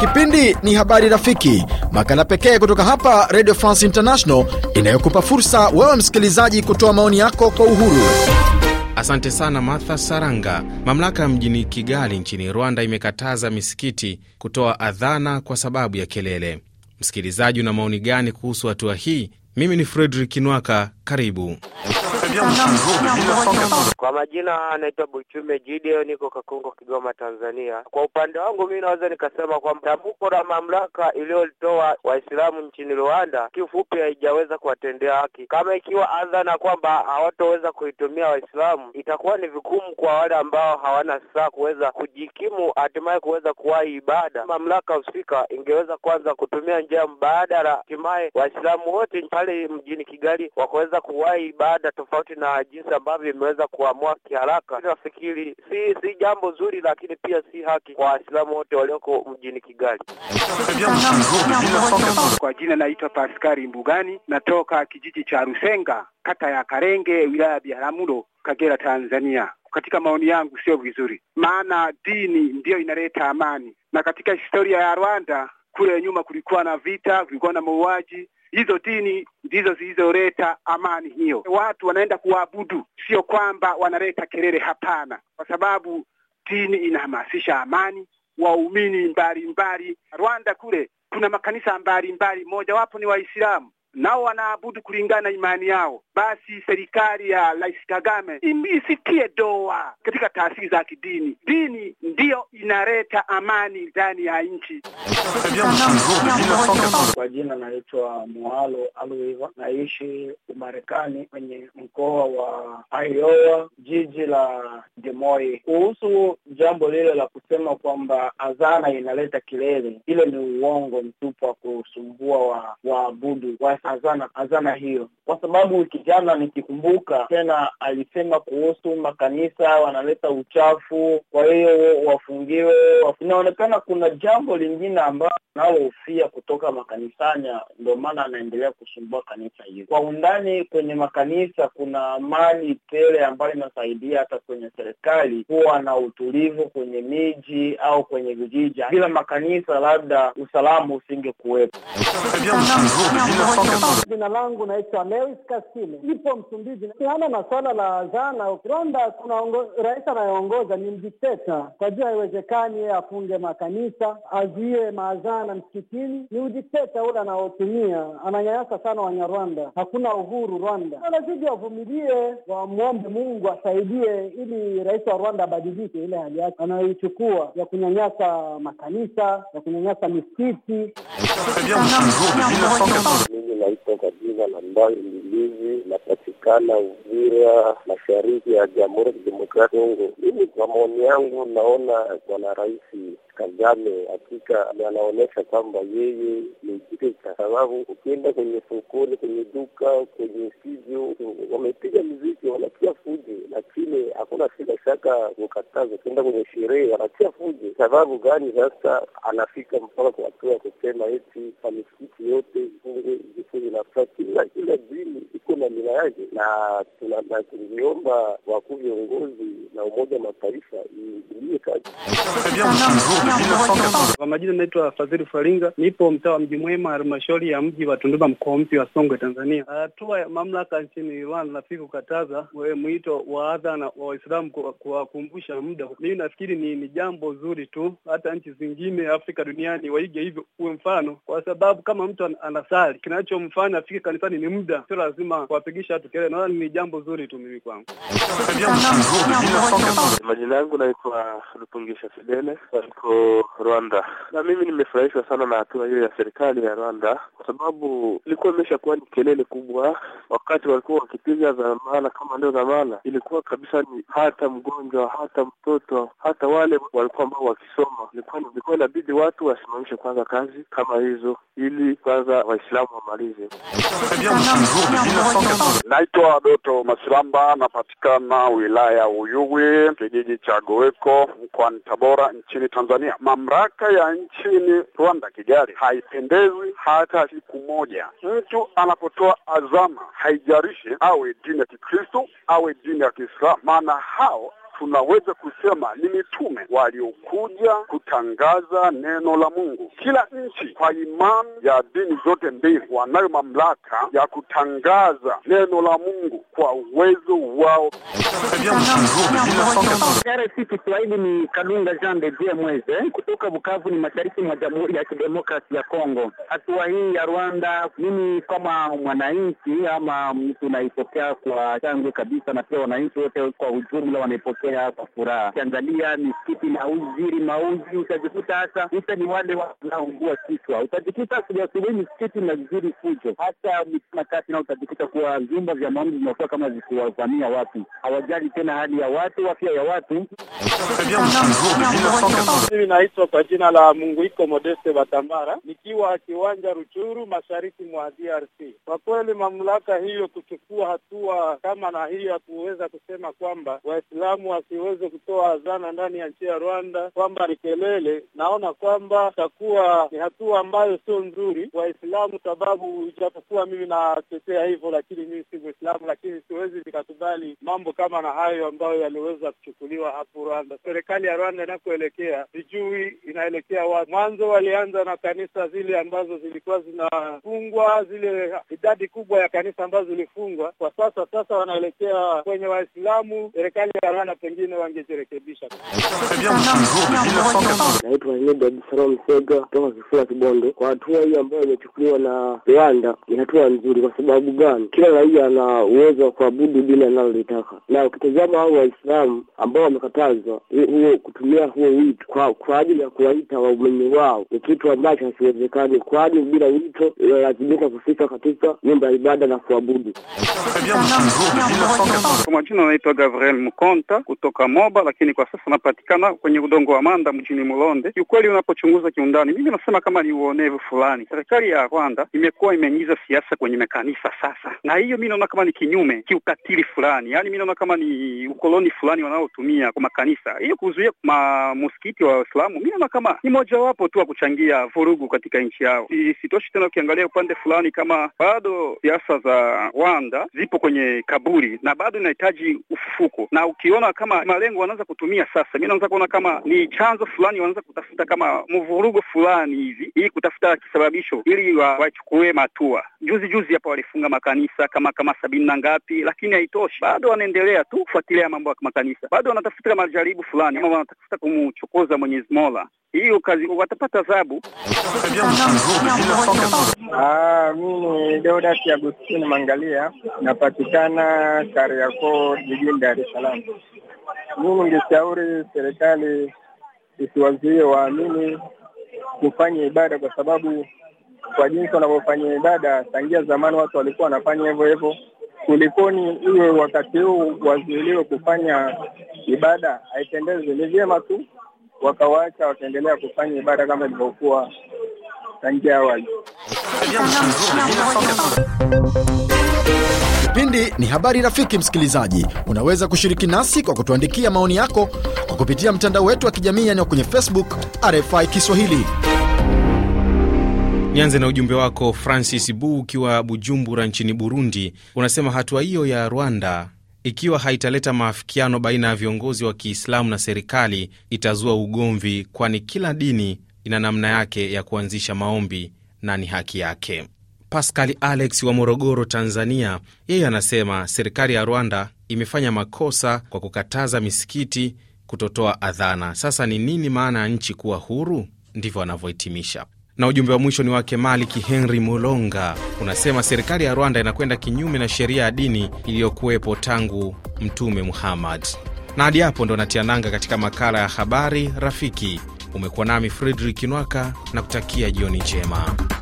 Kipindi ni Habari Rafiki, makala pekee kutoka hapa Radio France International inayokupa fursa wewe msikilizaji kutoa maoni yako kwa uhuru. Asante sana Martha Saranga. Mamlaka mjini Kigali nchini Rwanda imekataza misikiti kutoa adhana kwa sababu ya kelele. Msikilizaji, una maoni gani kuhusu hatua hii? Mimi ni Fredrick Nwaka, karibu kwa majina anaitwa Buchume Jideo, niko Kakongo, Kigoma, Tanzania. Kwa upande wangu mi naweza nikasema kwamba tambuko la mamlaka iliyolitoa Waislamu nchini Rwanda kifupi haijaweza kuwatendea haki. Kama ikiwa na kwamba hawatoweza kuitumia Waislamu, itakuwa ni vigumu kwa wale ambao hawana saa kuweza kujikimu, hatimaye kuweza kuwahi ibada. Mamlaka husika ingeweza kwanza kutumia njia mbadala, hatimaye Waislamu wote pale mjini Kigali wakaweza kuwahi baada, tofauti na jinsi ambavyo imeweza kuamua kiharaka. Nafikiri si si jambo zuri, lakini pia si haki kwa Waislamu wote walioko mjini Kigali. Kwa jina naitwa Paskari Mbugani, natoka kijiji cha Rusenga, kata ya Karenge, wilaya ya Biharamulo, Kagera, Tanzania. Katika maoni yangu sio vizuri, maana dini ndiyo inaleta amani, na katika historia ya Rwanda kule nyuma kulikuwa na vita, kulikuwa na mauaji, hizo dini ndizo zilizoleta amani hiyo. Watu wanaenda kuabudu, sio kwamba wanaleta kelele, hapana, kwa sababu dini inahamasisha amani. Waumini mbalimbali Rwanda kule kuna makanisa mbalimbali, mojawapo ni Waislamu nao wanaabudu kulingana imani yao. Basi serikali ya Rais Kagame isitie doa katika taasisi za kidini. Dini ndiyo inaleta amani ndani ya nchi. Kwa jina naitwa mualo Aluiva, naishi Umarekani kwenye mkoa wa Iowa, jiji la demoi Kuhusu jambo lile la kusema kwamba azana inaleta kilele, ile ni uongo mtupu wa kusumbua waabudu wa azana azana hiyo, kwa sababu kijana nikikumbuka tena alisema kuhusu makanisa wanaleta uchafu, kwa hiyo wafungiwe. Inaonekana kuna jambo lingine ambalo analohofia kutoka makanisani, ndio maana anaendelea kusumbua kanisa hiyo Kwa undani kwenye makanisa kuna mali tele ambayo inasaidia hata kwenye serikali kuwa na utulivu kwenye miji au kwenye vijiji. Bila makanisa labda usalama usingekuwepo. Eh, Jina langu naitwa Lewis Kasile, nipo Msumbiji. Hana na swala la zana Rwanda, kuna rais anayeongoza ni mdikteta. Kwa jua haiwezekani yeye afunge makanisa, azuie maazana msikitini. Ni udikteta ule anaotumia, ananyanyasa sana Wanyarwanda. Hakuna uhuru Rwanda. Lazidi wavumilie, wamwombe Mungu asaidie, ili rais wa Rwanda abadilike ile hali yake anayoichukua ya kunyanyasa makanisa, ya kunyanyasa misikiti jina la Mbayo Mbilizi inapatikana Uvira, mashariki ya Jamhuri ya Kidemokrasia Kongo. Mimi kwa maoni yangu naona bwana rais Kagame hakika anaonyesha kwamba yeye ni dikteta, sababu ukienda kwenye sokoni, kwenye duka, kwenye studio wamepiga mziki, wanatia fuji, lakini hakuna shida shaka kukataza. Ukienda kwenye sherehe wanatia fuji. Sababu gani? Sasa anafika mpaka kwa hatua ya kusema eti misikiti yote ifungwe, jifunge nafasi. Kila kila dini iko na mila yake, na tunaliomba wakuu viongozi na Umoja wa Mataifa iingilie kazi kwa majina naitwa Fadhili Faringa, nipo mtaa wa Mji Mwema, halmashauri ya mji wa Tunduma, mkoa mpya wa Songwe, Tanzania. Ah, hatua ya mamlaka nchini Rwanda nafikiri kukataza wewe mwito wa adha na wa Waislamu kuwakumbusha muda, mimi nafikiri ni, ni jambo zuri tu, hata nchi zingine Afrika duniani waige hivyo, uwe mfano, kwa sababu kama mtu an anasali kinachomfanya afike kanisani ni muda, sio lazima kuwapigisha watu kelele. Naona ni jambo zuri tu mimi kwangu. Majina yangu naitwa Lupungisha Fidele, niko Rwanda, na mimi nimefurahishwa sana na hatua hiyo ya serikali ya Rwanda kwa sababu ilikuwa imesha kuwa ni kelele kubwa wakati walikuwa wakipiga dhamana kama ndio dhamana, ilikuwa kabisa ni hata mgonjwa hata mtoto hata wale walikuwa ambao wakisoma, ilikuwa ilikuwa inabidi watu wasimamishe kwanza kazi kama hizo ili kwanza Waislamu wamalize. Naitwa Doto Masilamba, napatikana wilaya Uyui, kijiji cha Goweko, mkoani Tabora, nchini Tanzania. Tanzania. Mamlaka ya nchini Rwanda, Kigali, haipendezi hata siku moja. Mtu anapotoa azama, haijarishi awe dini ya Kikristo awe dini ya Kiislamu, maana hao tunaweza kusema ni mitume waliokuja kutangaza neno la Mungu. Kila nchi kwa imani ya dini zote mbili wanayo mamlaka ya kutangaza neno la Mungu kwa uwezo wao. Kiswahili ni Kalunga Jean de Dieu Mweze kutoka Bukavu, ni mashariki mwa Jamhuri ya Kidemokrasi ya Kongo. Hatua hii ya Rwanda, mimi kama mwananchi ama mtu naipokea kwa shangwe kabisa, na pia wananchi wote kwa ujumla wanaipokea kupokea kwa furaha. Ukiangalia misikiti na uziri mauzi, utajikuta hasa hisa ni wale wanaungua kichwa, utajikuta asubuhi misikiti na ziri fujo, hata makati nao utajikuta kuwa vyumba vya mauzi vinakuwa kama vikiwavamia watu, hawajali tena hali ya watu, afya ya watu. Mimi naitwa kwa jina la Munguiko Modeste Batambara, nikiwa kiwanja Ruchuru, mashariki mwa DRC. Kwa kweli mamlaka hiyo kuchukua hatua kama na hiyo ya kuweza kusema kwamba Waislamu asiweze kutoa hazana ndani ya nchi ya Rwanda kwamba ni kelele, naona kwamba itakuwa ni hatua ambayo sio nzuri Waislamu, sababu ijapokuwa mimi natetea hivyo, lakini mimi si Muislamu, lakini siwezi nikakubali mambo kama na hayo ambayo yaliweza kuchukuliwa hapo Rwanda. Serikali ya Rwanda inakoelekea sijui inaelekea wapi. Mwanzo walianza na kanisa zile ambazo zilikuwa zinafungwa, zile idadi kubwa ya kanisa ambazo zilifungwa. Kwa sasa sasa wanaelekea kwenye Waislamu, serikali ya Rwanda pengine wangejirekebisha. Naitwa Hamid Abdusalam Sega kutoka kifula Kibondo. Kwa hatua hii ambayo imechukuliwa na Rwanda ni hatua nzuri. Kwa sababu gani? Kila raia ana uwezo wa kuabudu dini analolitaka, na ukitazama hao Waislamu ambao wamekatazwa huo kutumia huo wito kwa, kwa ajili ya kuwaita waumini wao ni kitu ambacho hakiwezekani, kwani bila wito inalazimika kufika katika nyumba ya ibada na kuabudu. Kwa majina anaitwa Gabriel Mkonta kutoka Moba, lakini kwa sasa anapatikana kwenye udongo wa Manda mjini Mulonde. Kiukweli, unapochunguza kiundani, mimi nasema kama ni uonevu fulani. Serikali ya Rwanda imekuwa imeingiza siasa kwenye makanisa sasa, na hiyo mi naona kama ni kinyume kiukatili fulani, yaani mi naona kama ni ukoloni fulani wanaotumia kwa makanisa. Hiyo kuzuia ma msikiti wa Waislamu mi naona kama ni mojawapo tu wa kuchangia vurugu katika nchi yao. sitoshi tena, ukiangalia upande fulani, kama bado siasa za Rwanda zipo kwenye kaburi na bado inahitaji ufufuko, na ukiona kama kama malengo wanaanza kutumia sasa. Mimi naanza kuona kama ni chanzo fulani wanaanza kutafuta kama mvurugo fulani hivi, ili kutafuta kisababisho ili wachukue wa hatua. Juzi juzi hapa walifunga makanisa kama kama sabini na ngapi, lakini haitoshi, bado wanaendelea tu kufuatilia mambo ya makanisa, bado wanatafuta majaribu fulani, ama wanatafuta kumchokoza Mwenyezi Mola. Hiyo kazi watapata adhabu. Ah, mimi ni Deodat Agustini Mangalia, napatikana Kariakoo jijini Dar es Salaam mimi ningeshauri serikali isiwazuie waamini kufanya ibada, kwa sababu kwa jinsi wanavyofanya ibada tangia zamani watu walikuwa wanafanya hivyo hivyo. Kulikoni iwe wakati huu wazuiliwe kufanya ibada? Haipendezi. Ni vyema tu wakawaacha wakaendelea kufanya ibada kama ilivyokuwa tangia awali. Kipindi ni habari rafiki. Msikilizaji, unaweza kushiriki nasi kwa kutuandikia maoni yako kwa kupitia mtandao wetu wa kijamii yani kwenye Facebook RFI Kiswahili. Nianze na ujumbe wako Francis Bu ukiwa Bujumbura nchini Burundi. Unasema hatua hiyo ya Rwanda ikiwa haitaleta maafikiano baina ya viongozi wa Kiislamu na serikali itazua ugomvi, kwani kila dini ina namna yake ya kuanzisha maombi na ni haki yake. Pascal Alex wa Morogoro, Tanzania, yeye anasema serikali ya Rwanda imefanya makosa kwa kukataza misikiti kutotoa adhana. Sasa ni nini maana ya nchi kuwa huru? Ndivyo anavyohitimisha. Na ujumbe wa mwisho ni wake Maliki Henry Mulonga, unasema serikali ya Rwanda inakwenda kinyume na sheria ya dini iliyokuwepo tangu Mtume Muhammad. Na hadi hapo ndo natia nanga katika makala ya habari rafiki. Umekuwa nami Fredrik Nwaka na kutakia jioni njema.